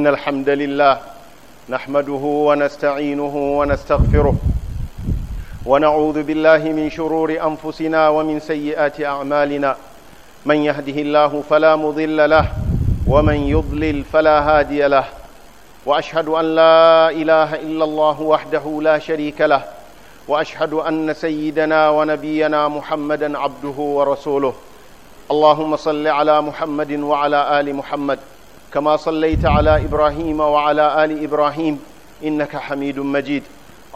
إن الحمد لله نحمده ونستعينه ونستغفره ونعوذ بالله من شرور أنفسنا ومن سيئات أعمالنا من يهده الله فلا مضل له ومن يضلل فلا هادي له وأشهد أن لا إله إلا الله وحده لا شريك له وأشهد أن سيدنا ونبينا محمدا عبده ورسوله اللهم صل على محمد وعلى آل محمد كما صليت على إبراهيم وعلى آل إبراهيم إنك حميد مجيد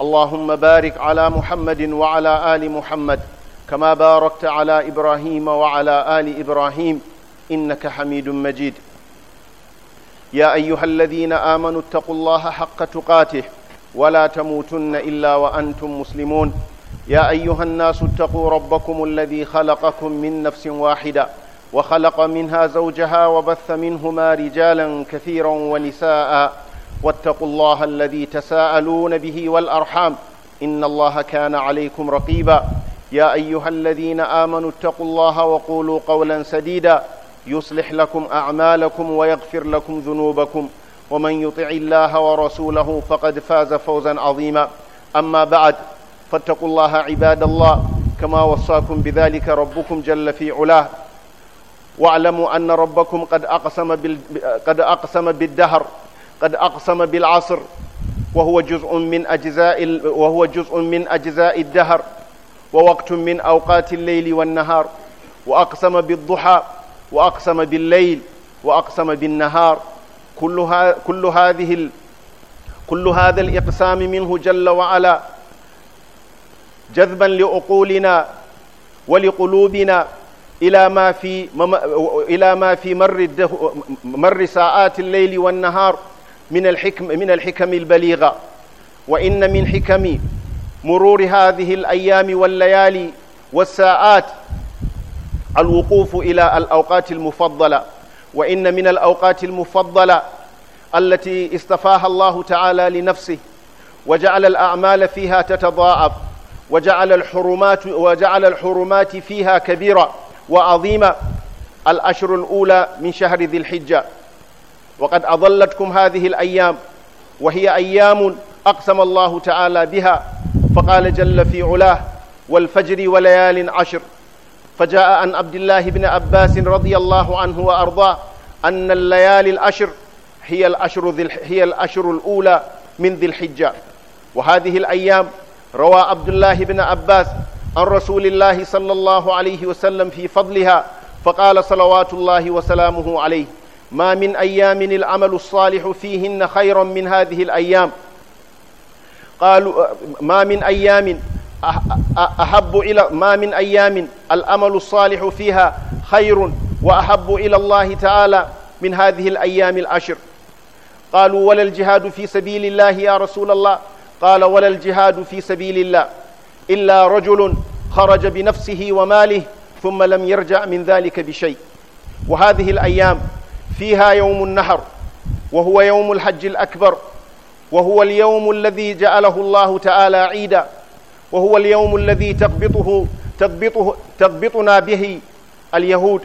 اللهم بارك على محمد وعلى آل محمد كما باركت على إبراهيم وعلى آل إبراهيم إنك حميد مجيد يا أيها الذين آمنوا اتقوا الله حق تقاته ولا تموتن إلا وأنتم مسلمون يا أيها الناس اتقوا ربكم الذي خلقكم من نفس واحدة وخلق منها زوجها وبث منهما رجالا كثيرا ونساء واتقوا الله الذي تساءلون به والأرحام إن الله كان عليكم رقيبا يا أيها الذين آمنوا اتقوا الله وقولوا قولا سديدا يصلح لكم أعمالكم ويغفر لكم ذنوبكم ومن يطع الله ورسوله فقد فاز فوزا عظيما أما بعد فاتقوا الله عباد الله كما وصاكم بذلك ربكم جل في علاه واعلموا أن ربكم قد أقسم, بال... قد أقسم بالدهر قد أقسم بالعصر وهو جزء من أجزاء ال... وهو جزء من أجزاء الدهر ووقت من أوقات الليل والنهار وأقسم بالضحى وأقسم بالليل وأقسم بالنهار كل, ها... كل هذه ال... كل هذا الإقسام منه جل وعلا جذبا لعقولنا ولقلوبنا إلى ما في إلى ما في مر مر ساعات الليل والنهار من الحكم من الحكم البليغة وإن من حكم مرور هذه الأيام والليالي والساعات الوقوف إلى الأوقات المفضلة وإن من الأوقات المفضلة التي اصطفاها الله تعالى لنفسه وجعل الأعمال فيها تتضاعف وجعل الحرمات وجعل الحرمات فيها كبيرة وعظيمة الأشر الأولى من شهر ذي الحجة وقد أضلتكم هذه الأيام وهي أيام أقسم الله تعالى بها فقال جل في علاه والفجر وليال عشر فجاء عن عبد الله بن عباس رضي الله عنه وأرضاه أن الليالي العشر هي الأشر, ذي هي الأشر الأولى من ذي الحجة وهذه الأيام روى عبد الله بن عباس عن رسول الله صلى الله عليه وسلم في فضلها فقال صلوات الله وسلامه عليه ما من أيام العمل الصالح فيهن خيرا من هذه الأيام قالوا ما من أيام أحب إلى ما من أيام الأمل الصالح فيها خير وأحب إلى الله تعالى من هذه الأيام العشر قالوا ولا الجهاد في سبيل الله يا رسول الله قال ولا الجهاد في سبيل الله إلا رجل خرج بنفسه وماله ثم لم يرجع من ذلك بشيء وهذه الأيام فيها يوم النحر وهو يوم الحج الأكبر وهو اليوم الذي جعله الله تعالى عيدا وهو اليوم الذي تضبطه تضبطه تضبطنا به اليهود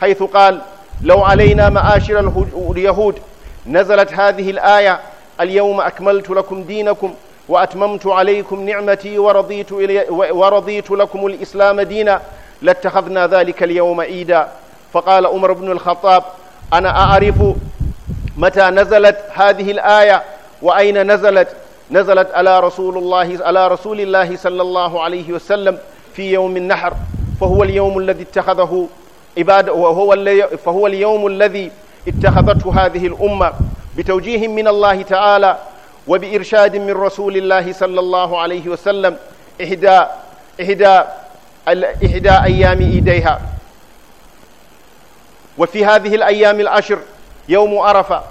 حيث قال لو علينا معاشر اليهود نزلت هذه الآية اليوم أكملت لكم دينكم وأتممت عليكم نعمتي ورضيت, إلي ورضيت لكم الإسلام دينا لاتخذنا ذلك اليوم عيدا فقال عمر بن الخطاب أنا أعرف متى نزلت هذه الآية وأين نزلت نزلت على رسول الله على رسول الله صلى الله عليه وسلم في يوم النحر فهو اليوم الذي اتخذه عبادة وهو فهو اليوم الذي اتخذته هذه الأمة بتوجيه من الله تعالى وبإرشاد من رسول الله صلى الله عليه وسلم إحدى إحدى إحدى أيام إيديها وفي هذه الأيام العشر يوم عرفة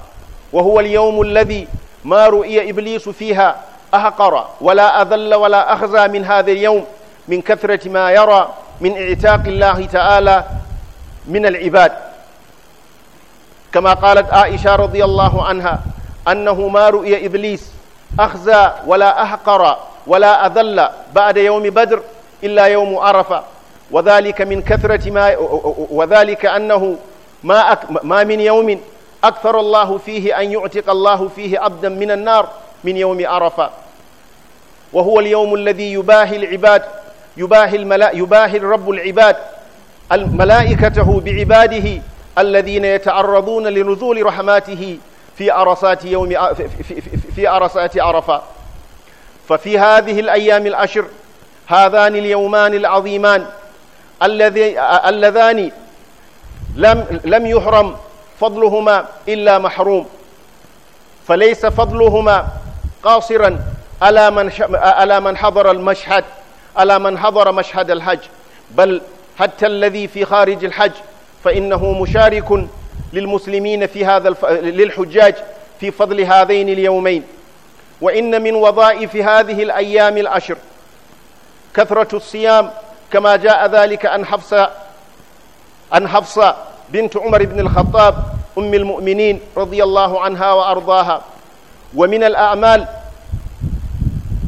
وهو اليوم الذي ما رؤي إبليس فيها أهقر ولا أذل ولا أخزى من هذا اليوم من كثرة ما يرى من اعتاق الله تعالى من العباد كما قالت عائشة رضي الله عنها أنه ما رؤي إبليس أخزى ولا أحقر ولا أذل بعد يوم بدر إلا يوم عرفة وذلك من كثرة ما وذلك أنه ما ما من يوم أكثر الله فيه أن يعتق الله فيه عبدا من النار من يوم عرفة وهو اليوم الذي يباهي العباد يباهي الملا يباهي الرب العباد ملائكته بعباده الذين يتعرضون لنزول رحماته في أرصات يوم في, في, في, عرفة ففي هذه الأيام العشر هذان اليومان العظيمان اللذان لم لم يحرم فضلهما إلا محروم فليس فضلهما قاصرا على من على من حضر المشهد على من حضر مشهد الحج بل حتى الذي في خارج الحج فإنه مشارك للمسلمين في هذا الف... للحجاج في فضل هذين اليومين وإن من وظائف هذه الأيام العشر كثرة الصيام كما جاء ذلك أن حفصة أن حفصة بنت عمر بن الخطاب أم المؤمنين رضي الله عنها وأرضاها ومن الأعمال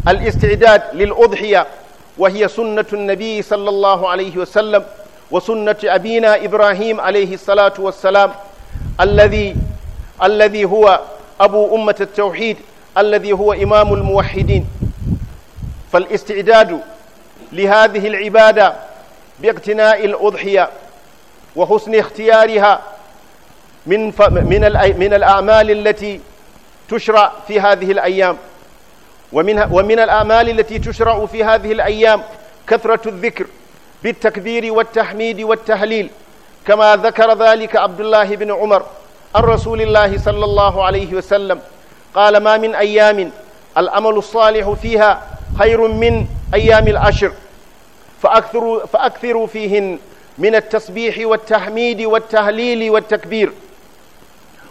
الاستعداد للأضحية وهي سنة النبي صلى الله عليه وسلم وسنة أبينا إبراهيم عليه الصلاة والسلام الذي الذي هو أبو أمة التوحيد الذي هو إمام الموحدين فالاستعداد لهذه العبادة باقتناء الأضحية وحسن اختيارها من من من الأعمال التي تشرع في هذه الأيام ومن ومن الأعمال التي تشرع في هذه الأيام كثرة الذكر بالتكبير والتحميد والتهليل كما ذكر ذلك عبد الله بن عمر عن رسول الله صلى الله عليه وسلم قال ما من أيام الأمل الصالح فيها خير من أيام العشر فأكثروا, فأكثروا فيهن من التسبيح والتحميد والتهليل والتكبير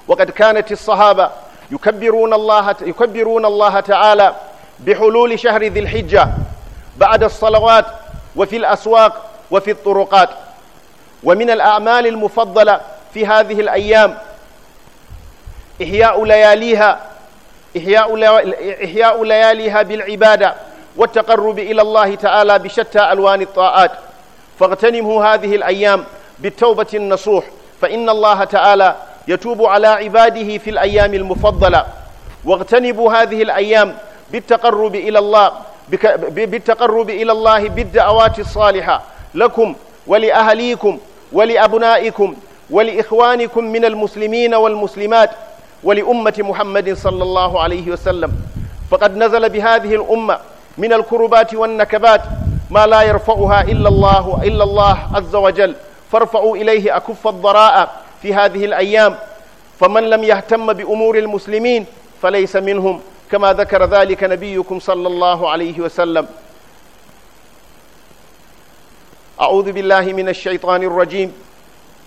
وقد كانت الصحابة يكبرون الله, يكبرون الله تعالى بحلول شهر ذي الحجة بعد الصلوات وفي الأسواق وفي الطرقات ومن الأعمال المفضلة في هذه الأيام إحياء لياليها إحياء لياليها بالعبادة والتقرب إلى الله تعالى بشتى ألوان الطاعات فاغتنموا هذه الأيام بالتوبة النصوح فإن الله تعالى يتوب على عباده في الأيام المفضلة واغتنبوا هذه الأيام بالتقرب إلى الله بالتقرب إلى الله بالدعوات الصالحة لكم ولأهليكم ولأبنائكم ولإخوانكم من المسلمين والمسلمات ولأمة محمد صلى الله عليه وسلم فقد نزل بهذه الأمة من الكربات والنكبات ما لا يرفعها إلا الله إلا الله عز وجل فارفعوا إليه أكف الضراء في هذه الأيام فمن لم يهتم بأمور المسلمين فليس منهم كما ذكر ذلك نبيكم صلى الله عليه وسلم أعوذ بالله من الشيطان الرجيم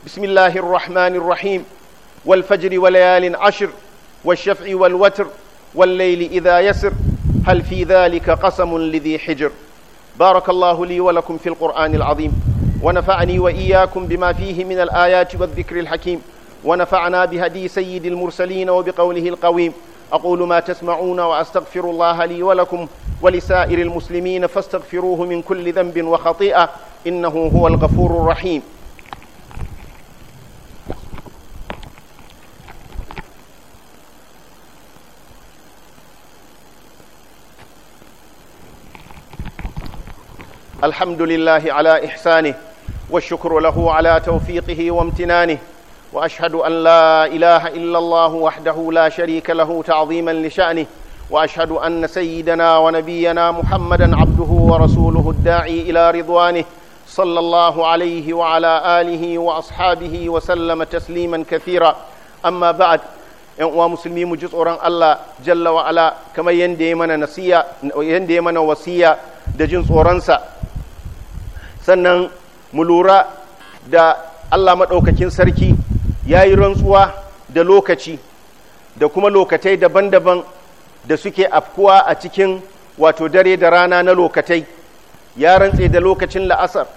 بسم الله الرحمن الرحيم والفجر وليال عشر والشفع والوتر والليل إذا يسر هل في ذلك قسم لذي حجر بارك الله لي ولكم في القرآن العظيم ونفعني وإياكم بما فيه من الآيات والذكر الحكيم ونفعنا بهدي سيد المرسلين وبقوله القويم أقول ما تسمعون وأستغفر الله لي ولكم ولسائر المسلمين فاستغفروه من كل ذنب وخطيئة إنه هو الغفور الرحيم الحمد لله على إحسانه والشكر له على توفيقه وامتنانه وأشهد أن لا إله إلا الله وحده لا شريك له تعظيما لشأنه وأشهد أن سيدنا ونبينا محمدا عبده ورسوله الداعي إلى رضوانه صلى الله عليه وعلى آله وأصحابه وسلم تسليما كثيرا أما بعد ‘yan uwa musulmi mu ji tsoron Allah jalla wa'ala kamar yadda ya mana wasiya da jin tsoronsa sannan mu lura da Allah maɗaukakin sarki ya yi rantsuwa da lokaci da kuma lokatai daban-daban da suke afkuwa a cikin wato dare da rana na lokacai ya rantse da lokacin la'asar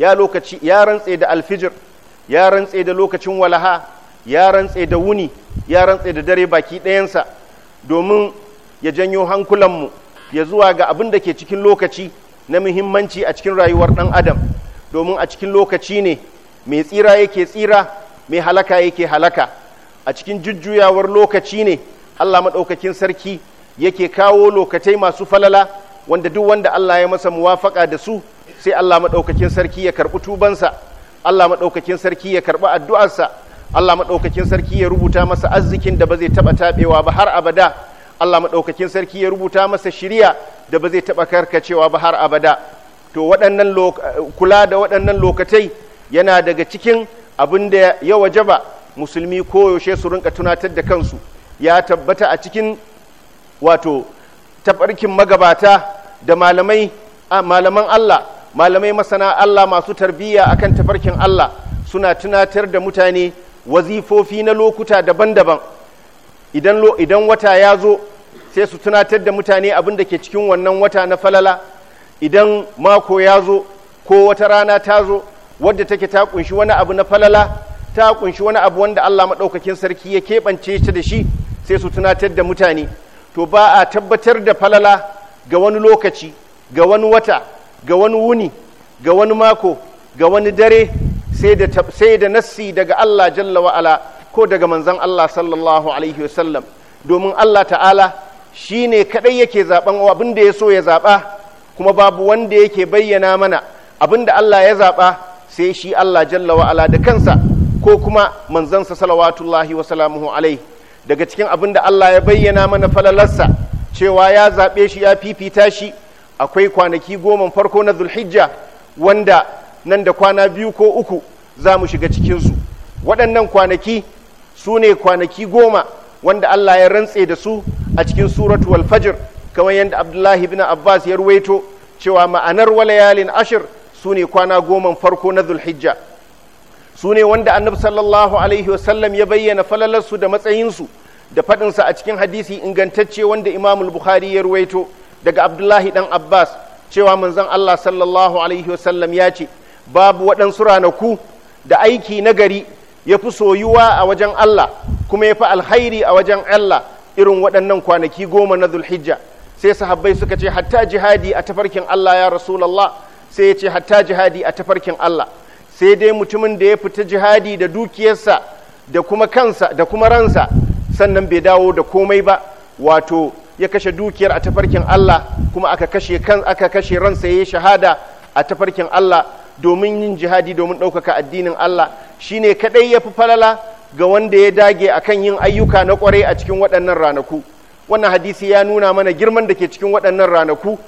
ya lokaci ya rantse da alfijir ya rantse da lokacin walaha ya rantse da wuni ya rantse da dare baki ɗayansa domin ya janyo hankulanmu ya zuwa ga abin da ke cikin lokaci na muhimmanci a cikin rayuwar ɗan adam domin a cikin lokaci ne mai tsira yake tsira mai halaka yake halaka a cikin jujjuyawar lokaci ne allah maɗaukakin sarki yake kawo lokatai masu falala wanda duk wanda allah ya masa muwafaƙa da su sai Allah maɗaukakin sarki ya karɓi tubansa Allah maɗaukakin sarki ya karɓi addu'arsa Allah maɗaukakin sarki ya rubuta masa arzikin da ba zai taɓa taɓewa ba har abada Allah maɗaukakin sarki ya rubuta masa shirya da ba zai taɓa karkacewa ba har abada to waɗannan kula da waɗannan lokatai yana daga cikin abin da ya wajaba musulmi koyaushe su rinka tunatar da kansu ya tabbata a cikin wato tafarkin magabata da malaman Allah malamai masana Allah masu tarbiyya akan tafarkin Allah suna tunatar da mutane wazifofi na lokuta daban-daban idan lo, wata ya zo sai su tunatar da mutane abin da ke cikin wannan wata na falala idan mako ya zo ko wata rana ta zo wadda take ta kunshi wani abu na falala ta kunshi wani abu wanda Allah maɗaukakin sarki ya keɓance ta da shi sai su tunatar da mutane to ba a tabbatar da falala ga wani lokaci ga wani wata ga wani wuni ga wani mako ga wani dare sai da nassi daga Allah jalla wa'ala ko daga manzan Allah sallallahu alaihi wasallam domin Allah ta'ala shi ne kaɗai yake zaɓen abin da ya so ya zaɓa kuma babu wanda yake bayyana mana abin da Allah ya zaɓa sai shi Allah jalla wa'ala da kansa ko kuma manzansa salawatullahi wa salamuhu alaihi daga cikin abin da Allah ya bayyana mana falalarsa cewa ya zaɓe shi ya fifita shi akwai kwanaki goman farko na zulhijja wanda nan da kwana biyu ko uku za mu shiga cikinsu waɗannan kwanaki su ne kwanaki goma wanda Allah ya rantse da su a cikin suratu walfajir. kamar yadda abdullahi bin abbas ya ruwaito cewa ma'anar walayalin ashir su ne kwana goman farko na zulhijja su ne wanda annabi sallallahu alaihi wasallam ya bayyana falalarsu da matsayinsu da faɗinsa a cikin hadisi ingantacce wanda imamul bukhari ya ruwaito daga abdullahi dan abbas cewa manzon allah sallallahu alaihi wasallam ya ce babu waɗansu ranaku da aiki na gari ya fi soyuwa a wajen allah kuma ya fi alhairi a wajen allah irin waɗannan kwanaki goma na zulhijja sai sahabbai suka ce hatta jihadi a tafarkin allah ya rasulallah sai ya ce hatta jihadi a tafarkin allah sai dai mutumin da ya fita jihadi da dukiyarsa da kuma kansa da kuma ransa sannan bai dawo da komai ba wato ya kashe dukiyar a tafarkin Allah kuma aka kashe kan aka kashe ransa ya shahada a tafarkin Allah domin yin jihadi domin ɗaukaka addinin Allah shine kadai yafi falala ga wanda ya dage akan yin ayyuka na kwarai a cikin waɗannan ranaku wannan hadisi ya nuna mana girman da ke cikin waɗannan ranaku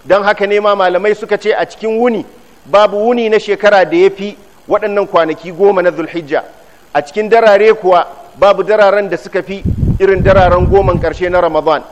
don haka ne ma malamai suka ce a cikin wuni babu wuni na shekara da ya fi waɗannan kwanaki goma na zulhijja a cikin darare kuwa babu dararen da suka fi irin dararen goman ƙarshe na ramadan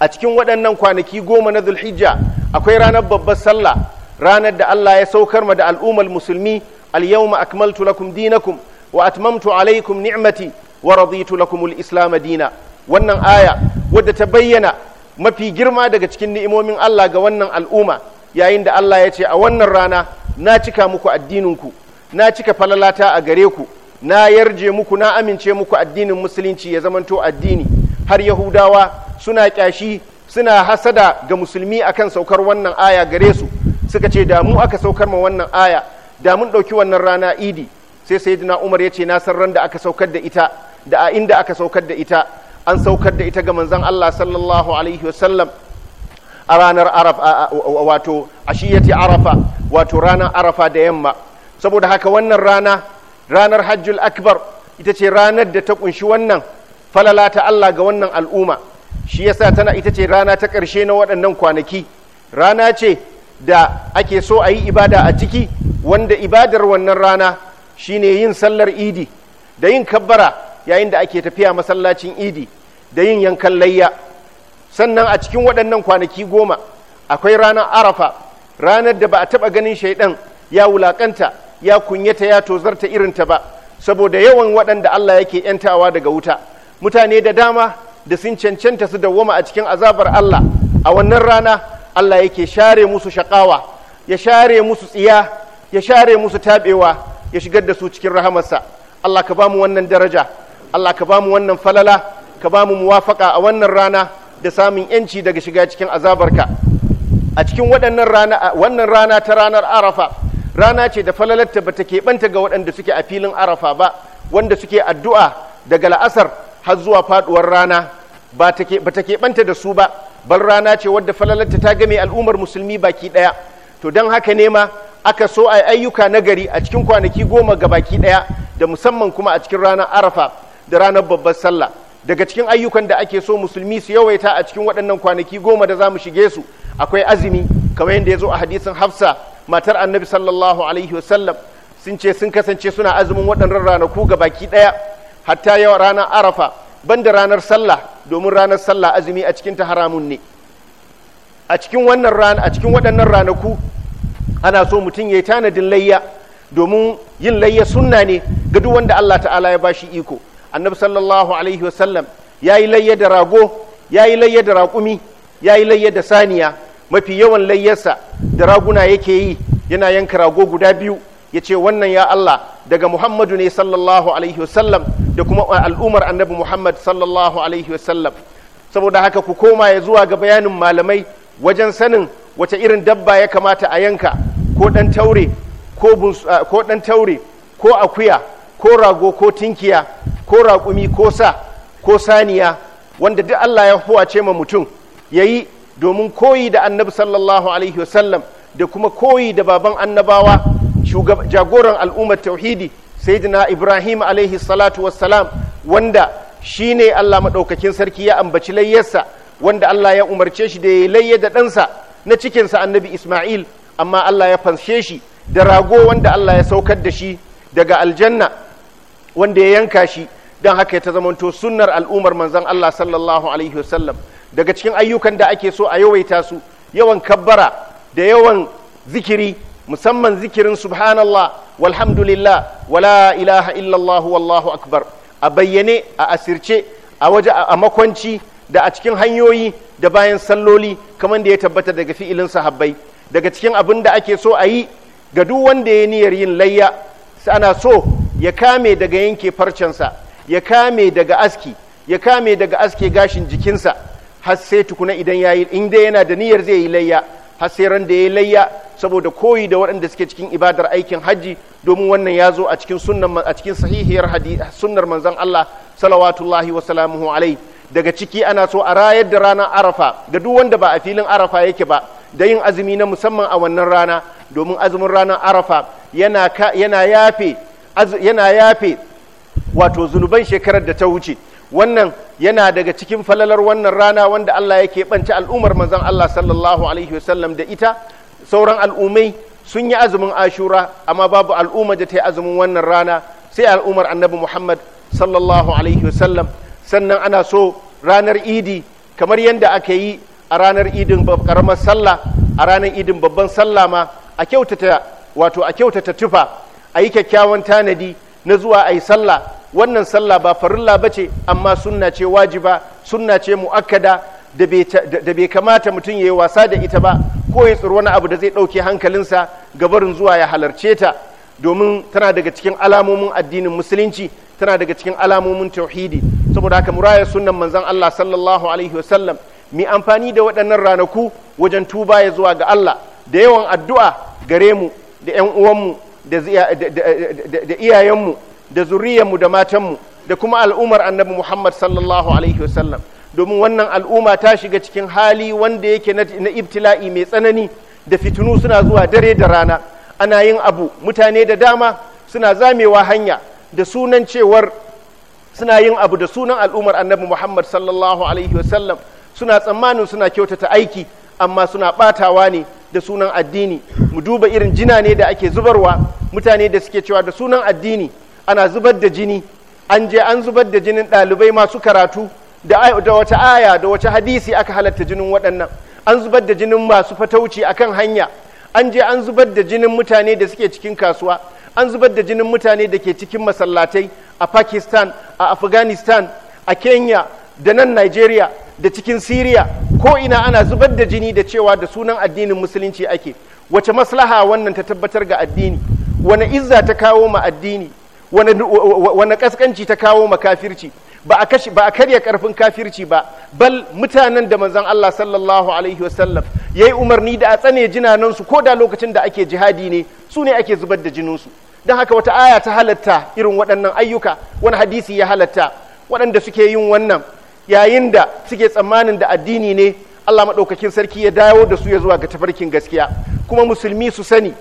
a cikin waɗannan kwanaki goma na zulhijja akwai ranar babbar sallah ranar da Allah ya saukar ma da al'ummar musulmi al-yawma akmaltu lakum dinakum wa atmamtu alaikum ni'mati wa raditu lakum al-islam dina wannan aya wadda ta bayyana mafi girma daga cikin ni'imomin Allah ga wannan al'umma yayin da Allah ya ce a wannan rana na cika muku addinin ku na cika falalata a gare ku na yarje muku na amince muku addinin musulunci ya zamanto addini har yahudawa suna kyashi suna hasada ga musulmi akan saukar wannan aya gare su suka ce da mu aka saukar ma wannan aya da mun ɗauki wannan rana idi sai sayyidina umar ya ce na san ran da aka saukar da ita da a inda aka saukar da ita an saukar da ita ga manzan Allah sallallahu alaihi wasallam a ranar arafa wato ashiyati arafa wato ranar arafa da yamma saboda haka wannan rana ranar hajjul akbar ita ce ranar da ta kunshi wannan falala ta Allah ga wannan al'umma shi yasa tana ita ce rana ta ƙarshe na waɗannan kwanaki rana ce da ake so a yi ibada a ciki wanda ibadar wannan rana shine yin sallar idi da yin kabbara yayin da ake tafiya masallacin idi da yin yankan layya sannan a cikin waɗannan kwanaki goma akwai ranar arafa ranar da ba a taɓa ganin shaidan ya wulaƙanta ya kunyata ya tozarta irinta ba saboda yawan waɗanda allah yake 'yantawa daga wuta mutane da dama da sun cancanta su dawwama a cikin azabar Allah a wannan rana Allah yake share musu shakawa ya share musu tsiya ya share musu tabewa ya shigar da su cikin rahamarsa Allah ka bamu wannan daraja Allah ka bamu wannan falala ka bamu muwafaka a wannan rana da samun yanci daga shiga cikin azabarka a cikin waɗannan rana wannan rana ta ranar Arafa rana ce da falalarta ba ke keɓanta ga waɗanda suke a filin Arafa ba wanda suke addu'a daga la'asar har zuwa faduwar rana ba ta keɓanta da su ba bal rana ce wadda falalarta ta game al'ummar musulmi baki ɗaya to don haka ne ma aka so a ayyuka na gari a cikin kwanaki goma ga baki ɗaya da musamman kuma a cikin ranar arafa da ranar babbar sallah daga cikin ayyukan da ake so musulmi su yawaita a cikin waɗannan kwanaki goma da za mu shige su akwai azumi kamar yadda ya zo a hadisin hafsa matar annabi sallallahu alaihi wasallam sun ce sun kasance suna azumin waɗannan ranaku ga baki ɗaya hatta yawa ranar arafa banda ranar sallah domin ranar sallah azumi a cikin ta haramun ne a cikin wannan rana a cikin waɗannan ranaku ana so mutum ya yi tanadin layya domin yin layya sunna ne ga duk wanda Allah ta'ala ya bashi iko annabi sallallahu alaihi wa ya yi layya da rago yayi layya da raƙumi yayi layya da saniya mafi yawan layyarsa da raguna yake yi yana yanka rago guda biyu ya ce wannan ya Allah daga Muhammadu ne sallallahu alaihi wasallam da kuma uh, al'umar annabi Muhammad sallallahu alaihi wasallam saboda haka ku koma ya zuwa ga bayanin malamai wajen sanin wace irin dabba ya kamata a yanka ko ɗan taure ko dan uh, taure ko akuya ko rago ko tinkiya ko raƙumi ko sa ko saniya wanda duk Allah ya huwace ma mutum yayi domin koyi da annabi sallallahu alaihi wasallam da kuma koyi da baban annabawa jagoran al'ummar tauhidi sayyidina ibrahim alaihi salatu wassalam wanda ne allah maɗaukakin sarki ya ambaci layyarsa wanda allah ya umarce shi da ya layya da ɗansa na cikinsa annabi isma'il amma allah ya fanshe shi da rago wanda allah ya saukar da shi daga aljanna wanda ya yanka shi don haka ya ta zamanto sunnar al'ummar manzon allah sallallahu alaihi wasallam daga cikin ayyukan da ake so a yawaita su yawan kabbara da yawan zikiri musamman zikirin subhanallah walhamdulillah wala ilaha illallah wallahu akbar a bayyane a asirce a waje a makwanci da a cikin hanyoyi da bayan salloli kamar da ya tabbata daga fi'ilin sahabbai daga cikin abin da ake so a yi ga duk wanda ya niyyar yin layya ana so ya kame daga yanke farcensa ya kame daga aski ya kame daga aske gashin jikinsa har sai tukuna idan yayi in dai yana da niyyar zai yi layya har da ya layya saboda koyi da waɗanda suke cikin ibadar aikin hajji domin wannan ya zo a cikin sahihiyar sunnar manzan Allah salawatullahi wa salamuhu alai daga ciki ana so a rayar da ranar arafa ga duk wanda ba a filin arafa yake ba da yin azumi na musamman a wannan rana domin azumin ranar arafa yana yafe wato zunuban shekarar da ta wuce wannan yana daga cikin falalar wannan rana wanda Allah yake bance al'umar manzan Allah sallallahu alaihi wasallam da ita sauran al'ummai sun yi azumin ashura amma babu al'umma da ta yi azumin wannan rana sai al'umar annabi Muhammad sallallahu alaihi wasallam sannan ana so ranar idi kamar yadda aka yi a ranar idin karamar sallah a ranar idin babban sallah ma a kyautata wato a kyautata tufa a yi kyakkyawan tanadi na zuwa a yi sallah wannan sallah ba farilla ba ce amma sunna ce wajiba sunna ce mu'akkada da bai kamata mutum ya yi wasa da ita ba ko ya tsoro wani abu da zai ɗauke hankalinsa barin zuwa ya halarce ta domin tana daga cikin alamomin addinin musulunci tana daga cikin alamomin tauhidi saboda haka muraya sunnan manzon Allah sallallahu alaihi wasallam mi amfani da waɗannan ranaku wajen tuba ya zuwa ga Allah da yawan addu'a gare mu da 'yan uwanmu da iyayenmu da zuriyarmu da matanmu da kuma al'umar annabi Muhammad sallallahu alaihi wasallam domin wannan al'umma ta shiga cikin hali wanda yake na ibtila'i mai tsanani da fitinu suna zuwa dare da rana ana yin abu mutane da dama suna zamewa hanya da sunan cewar suna yin abu da sunan al'umar annabi Muhammad sallallahu alaihi wasallam suna tsammanin suna kyautata aiki amma suna batawa ne da sunan addini mu duba irin jina ne da ake zubarwa mutane da suke cewa da sunan addini ana zubar da jini an je an zubar da jinin ɗalibai masu karatu da wata aya da wata hadisi aka halatta jinin waɗannan an zubar da jinin masu fatauci akan hanya an je an zubar da jinin mutane da suke cikin kasuwa an zubar da jinin mutane da ke cikin masallatai a pakistan a afghanistan a kenya da nan nigeria da cikin syria ko ina ana zubar da jini da cewa da sunan addinin musulunci ake wace maslaha wannan ta tabbatar ga addini wani izza ta kawo ma addini wani kaskanci ta kawo makafirci ba a ba a karya karfin kafirci ba bal mutanen da manzan Allah sallallahu alaihi wasallam ya yi umarni da a tsane jinanansu ko da lokacin da ake jihadi ne su ne ake zubar da jininsu. Don haka wata aya ta halatta irin waɗannan ayyuka wani hadisi ya halatta waɗanda suke yin wannan yayin da suke tsammanin da addini ne Allah maɗaukakin sarki ya dawo da su ya zuwa ga tafarkin gaskiya kuma musulmi su sani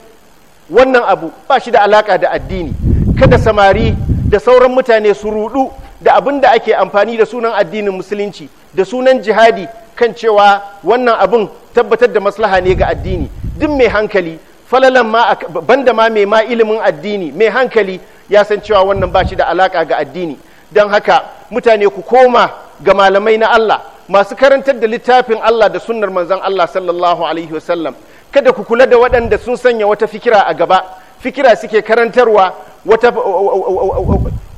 wannan abu ba shi da alaƙa da addini kada samari da sauran mutane su rudu da abin da ake amfani da sunan addinin musulunci da sunan jihadi kan cewa wannan abin tabbatar da maslaha ne ga addini duk mai hankali falalan ma banda ma mai ma ilimin addini mai hankali ya san cewa wannan ba shi da alaka ga addini don haka mutane ku koma ga malamai na Allah masu karantar da littafin Allah da sunnar manzon Allah sallallahu alaihi wasallam kada ku kula da waɗanda sun sanya wata fikira a gaba fikira suke karantarwa wata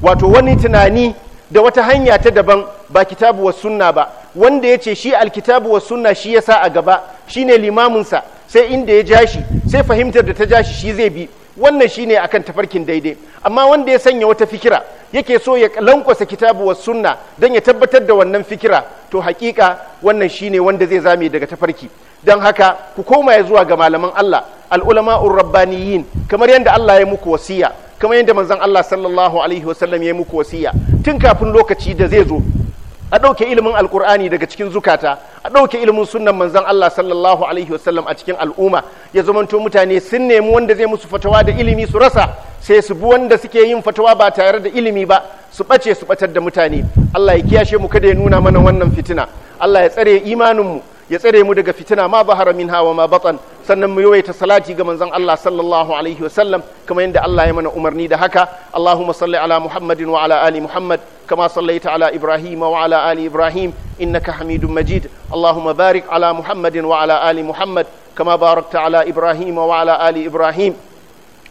wato wani tunani da wata hanya ta daban ba kitabu wa sunna ba wanda ya ce shi alkitabu wa sunna shi ya sa a gaba shine limaminsa sai inda ya ja shi sai fahimtar da ta ja shi shi zai bi wannan shine akan tafarkin daidai amma wanda ya sanya wata fikira yake so ya lankwasa kitabu wa sunna don ya tabbatar da wannan fikira to hakika wannan shine wanda zai zame daga tafarki don haka ku koma ya zuwa ga malaman Allah al'ulama urrabbaniyin kamar yadda Allah ya muku wasiya kamar yadda manzan Allah sallallahu alaihi wasallam ya muku wasiya tun kafin lokaci da zai zo a ɗauke ilimin alkur'ani daga cikin zukata a ɗauke ilimin sunan manzan Allah sallallahu alaihi wasallam a cikin al'umma ya zamanto mutane sun nemi wanda zai musu fatawa da ilimi su rasa sai su bi wanda suke yin fatawa ba tare da ilimi ba su ɓace su ɓatar da mutane Allah ya kiyashe mu kada ya nuna mana wannan fitina Allah ya tsare imaninmu ya tsare mu daga fitina ma zahara min hawa ma batan sannan mu yawaita salati ga manzon Allah sallallahu alaihi wasallam kamar yadda Allah ya mana umarni da haka Allahumma salli ala Muhammadin wa ala ali Muhammad kama sallaita ala Ibrahim wa ala ali Ibrahim innaka Hamidum Majid Allahumma barik ala Muhammadin wa ala ali Muhammad kama barakta ala Ibrahim wa ala ali Ibrahim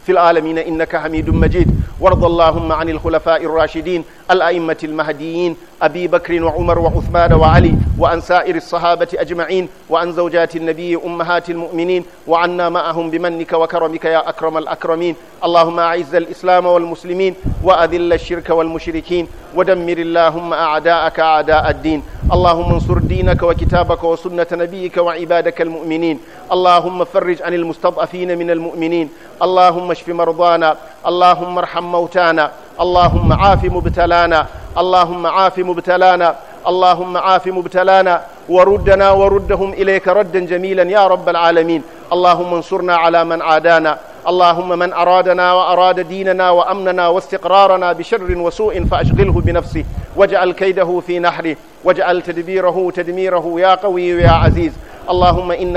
في العالمين إنك حميد مجيد وارض اللهم عن الخلفاء الراشدين الأئمة المهديين أبي بكر وعمر وعثمان وعلي وأن سائر الصحابة أجمعين وأن زوجات النبي أمهات المؤمنين وعنا معهم بمنك وكرمك يا أكرم الأكرمين اللهم أعز الإسلام والمسلمين وأذل الشرك والمشركين ودمر اللهم أعداءك أعداء الدين اللهم انصر دينك وكتابك وسنة نبيك وعبادك المؤمنين اللهم فرج عن المستضعفين من المؤمنين اللهم اشف مرضانا اللهم ارحم موتانا اللهم عاف مبتلانا اللهم عاف مبتلانا اللهم عاف مبتلانا وردنا وردهم إليك ردا جميلا يا رب العالمين اللهم انصرنا على من عادانا اللهم من أرادنا وأراد ديننا وأمننا واستقرارنا بشر وسوء فأشغله بنفسه واجعل كيده في نحره واجعل تدبيره تدميره يا قوي يا عزيز اللهم إنا